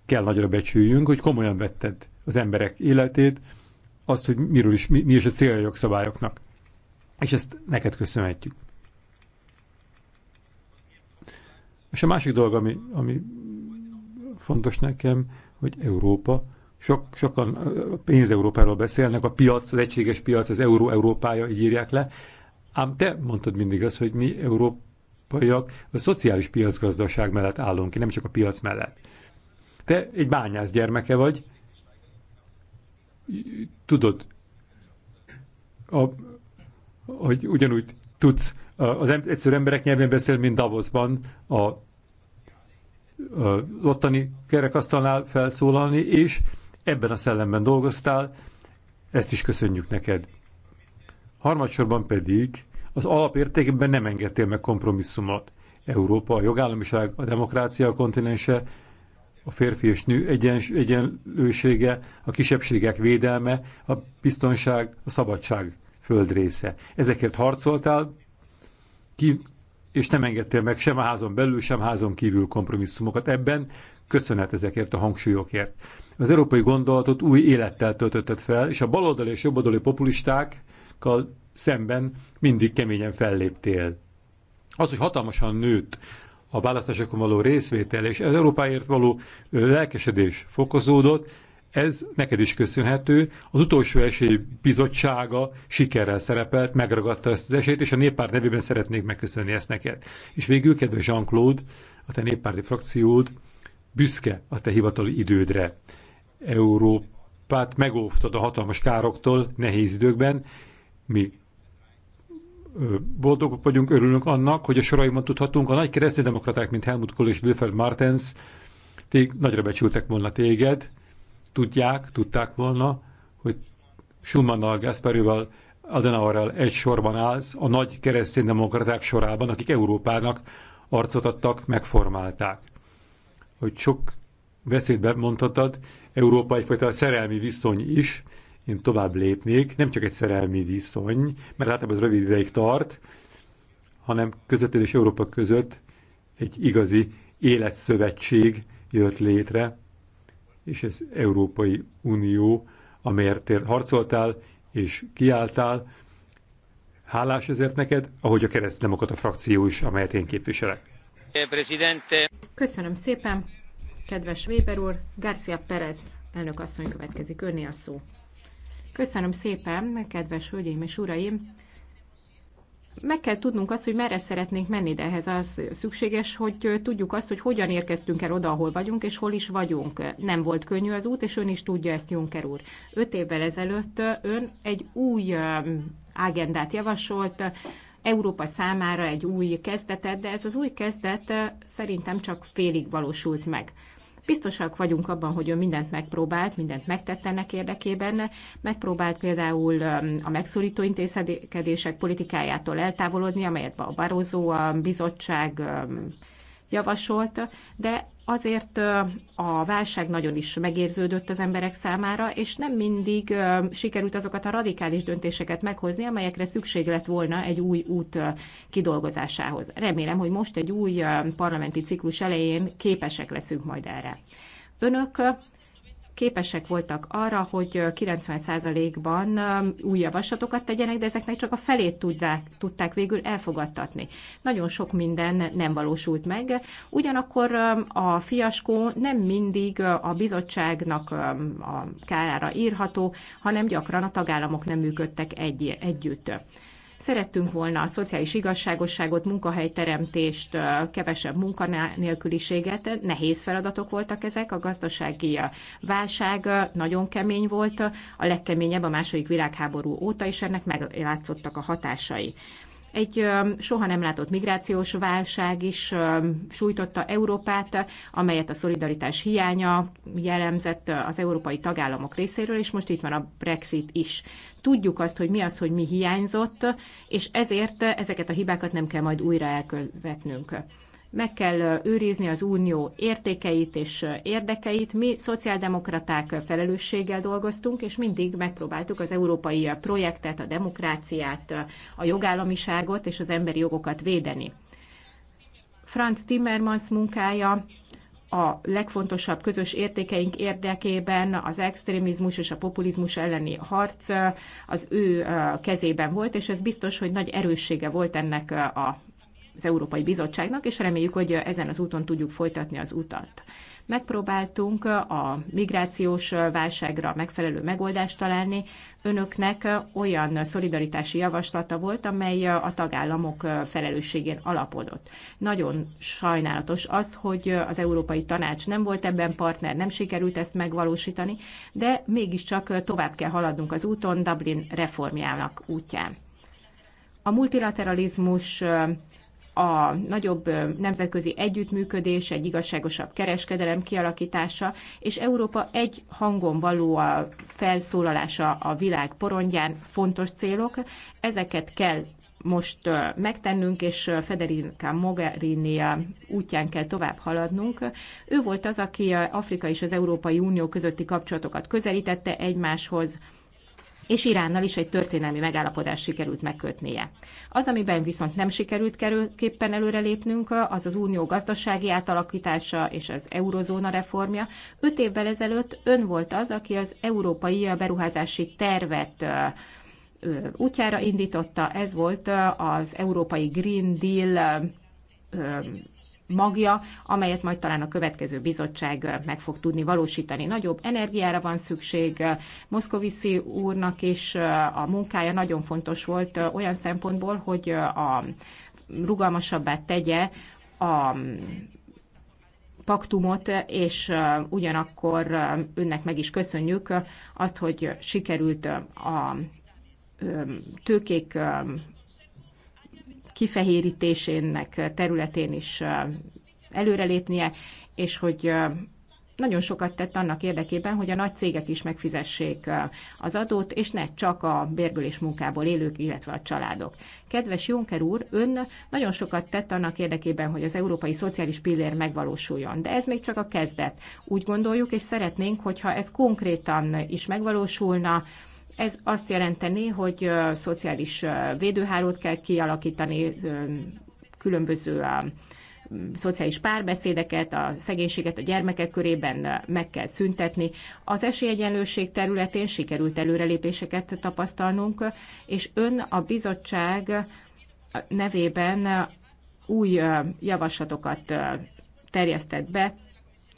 kell nagyra becsüljünk, hogy komolyan vetted az emberek életét, azt, hogy miről is, mi, mi is a célja a jogszabályoknak. És ezt neked köszönhetjük. És a másik dolog, ami, ami fontos nekem, hogy Európa, sok, sokan pénz-európáról beszélnek, a piac, az egységes piac, az euró Európája, így írják le, ám te mondtad mindig azt, hogy mi európaiak a szociális piacgazdaság mellett állunk ki, nem csak a piac mellett. Te egy bányász gyermeke vagy, tudod, a, hogy ugyanúgy tudsz az egyszerű emberek nyelvén beszél, mint Davosban a, a ottani kerekasztalnál felszólalni, és ebben a szellemben dolgoztál, ezt is köszönjük neked. Harmadsorban pedig az alapértékben nem engedtél meg kompromisszumot. Európa, a jogállamiság, a demokrácia a kontinense, a férfi és nő egyens, egyenlősége, a kisebbségek védelme, a biztonság, a szabadság földrésze. Ezekért harcoltál, ki, és nem engedtél meg sem a házon belül, sem házon kívül kompromisszumokat. Ebben köszönet ezekért a hangsúlyokért. Az európai gondolatot új élettel töltötted fel, és a baloldali és jobboldali populistákkal szemben mindig keményen felléptél. Az, hogy hatalmasan nőtt a választásokon való részvétel és az Európáért való lelkesedés fokozódott, ez neked is köszönhető. Az utolsó esély bizottsága sikerrel szerepelt, megragadta ezt az esélyt, és a néppárt nevében szeretnék megköszönni ezt neked. És végül, kedves Jean-Claude, a te néppárti frakciód büszke a te hivatali idődre. Európát megóvtad a hatalmas károktól nehéz időkben, mi boldogok vagyunk, örülünk annak, hogy a soraiban tudhatunk a nagy kereszténydemokraták, mint Helmut Kohl és Wilfried Martens, tég, nagyra becsültek volna téged, tudják, tudták volna, hogy Schumannal, Gasparival, Adenauerrel egy sorban állsz a nagy kereszténydemokraták sorában, akik Európának arcot adtak, megformálták. Hogy sok beszédben mondhatod, Európa egyfajta szerelmi viszony is, én tovább lépnék, nem csak egy szerelmi viszony, mert általában az rövid ideig tart, hanem közötted és Európa között egy igazi életszövetség jött létre, és ez Európai Unió, amelyért tér harcoltál és kiálltál. Hálás ezért neked, ahogy a keresztdemokrata frakció is, amelyet én képviselek. Köszönöm szépen, kedves Weber úr. Garcia Perez elnök asszony következik, önné a szó. Köszönöm szépen, kedves hölgyeim és uraim! Meg kell tudnunk azt, hogy merre szeretnénk menni, de ehhez az szükséges, hogy tudjuk azt, hogy hogyan érkeztünk el oda, ahol vagyunk, és hol is vagyunk. Nem volt könnyű az út, és ön is tudja ezt, Juncker úr. Öt évvel ezelőtt ön egy új ágendát um, javasolt, Európa számára egy új kezdetet, de ez az új kezdet uh, szerintem csak félig valósult meg. Biztosak vagyunk abban, hogy ő mindent megpróbált, mindent megtett ennek érdekében. Megpróbált például um, a megszorító intézkedések politikájától eltávolodni, amelyet a Barózó a bizottság um, javasolt, de azért a válság nagyon is megérződött az emberek számára, és nem mindig sikerült azokat a radikális döntéseket meghozni, amelyekre szükség lett volna egy új út kidolgozásához. Remélem, hogy most egy új parlamenti ciklus elején képesek leszünk majd erre. Önök képesek voltak arra, hogy 90%-ban új javaslatokat tegyenek, de ezeknek csak a felét tudták, tudták végül elfogadtatni. Nagyon sok minden nem valósult meg. Ugyanakkor a fiaskó nem mindig a bizottságnak a kárára írható, hanem gyakran a tagállamok nem működtek egy, együtt. Szerettünk volna a szociális igazságosságot, munkahelyteremtést, kevesebb munkanélküliséget. Nehéz feladatok voltak ezek, a gazdasági válság nagyon kemény volt, a legkeményebb a második világháború óta, és ennek meglátszottak a hatásai. Egy soha nem látott migrációs válság is sújtotta Európát, amelyet a szolidaritás hiánya jellemzett az európai tagállamok részéről, és most itt van a Brexit is. Tudjuk azt, hogy mi az, hogy mi hiányzott, és ezért ezeket a hibákat nem kell majd újra elkövetnünk meg kell őrizni az unió értékeit és érdekeit. Mi szociáldemokraták felelősséggel dolgoztunk, és mindig megpróbáltuk az európai projektet, a demokráciát, a jogállamiságot és az emberi jogokat védeni. Franz Timmermans munkája a legfontosabb közös értékeink érdekében az extrémizmus és a populizmus elleni harc az ő kezében volt, és ez biztos, hogy nagy erőssége volt ennek a az Európai Bizottságnak, és reméljük, hogy ezen az úton tudjuk folytatni az utat. Megpróbáltunk a migrációs válságra megfelelő megoldást találni. Önöknek olyan szolidaritási javaslata volt, amely a tagállamok felelősségén alapodott. Nagyon sajnálatos az, hogy az Európai Tanács nem volt ebben partner, nem sikerült ezt megvalósítani, de mégiscsak tovább kell haladnunk az úton Dublin reformjának útján. A multilateralizmus a nagyobb nemzetközi együttműködés, egy igazságosabb kereskedelem kialakítása, és Európa egy hangon való a felszólalása a világ porondján fontos célok. Ezeket kell most megtennünk, és Federica Mogherini útján kell tovább haladnunk. Ő volt az, aki Afrika és az Európai Unió közötti kapcsolatokat közelítette egymáshoz, és Iránnal is egy történelmi megállapodást sikerült megkötnie. Az, amiben viszont nem sikerült kerülképpen előrelépnünk, az az unió gazdasági átalakítása és az eurozóna reformja. Öt évvel ezelőtt ön volt az, aki az európai beruházási tervet útjára indította, ez volt az Európai Green Deal magja, amelyet majd talán a következő bizottság meg fog tudni valósítani. Nagyobb energiára van szükség. Moszkoviszi úrnak is a munkája nagyon fontos volt olyan szempontból, hogy a rugalmasabbá tegye a mm, paktumot, és ugyanakkor önnek meg is köszönjük azt, hogy sikerült a tőkék kifehérítésének területén is előrelépnie, és hogy nagyon sokat tett annak érdekében, hogy a nagy cégek is megfizessék az adót, és ne csak a bérből és munkából élők, illetve a családok. Kedves Juncker úr, ön nagyon sokat tett annak érdekében, hogy az európai szociális pillér megvalósuljon, de ez még csak a kezdet. Úgy gondoljuk, és szeretnénk, hogyha ez konkrétan is megvalósulna, ez azt jelenteni, hogy szociális védőhálót kell kialakítani, különböző szociális párbeszédeket, a szegénységet a gyermekek körében meg kell szüntetni. Az esélyegyenlőség területén sikerült előrelépéseket tapasztalnunk, és ön a bizottság nevében új javaslatokat terjesztett be,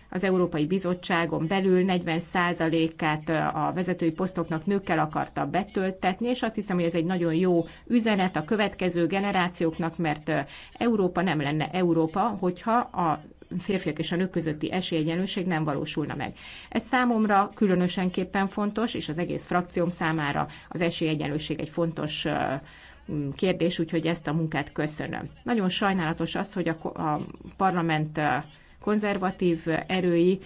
az Európai Bizottságon belül 40%-át a vezetői posztoknak nőkkel akarta betöltetni, és azt hiszem, hogy ez egy nagyon jó üzenet a következő generációknak, mert Európa nem lenne Európa, hogyha a férfiak és a nők közötti esélyegyenlőség nem valósulna meg. Ez számomra különösenképpen fontos, és az egész frakcióm számára az esélyegyenlőség egy fontos kérdés, úgyhogy ezt a munkát köszönöm. Nagyon sajnálatos az, hogy a parlament konzervatív erői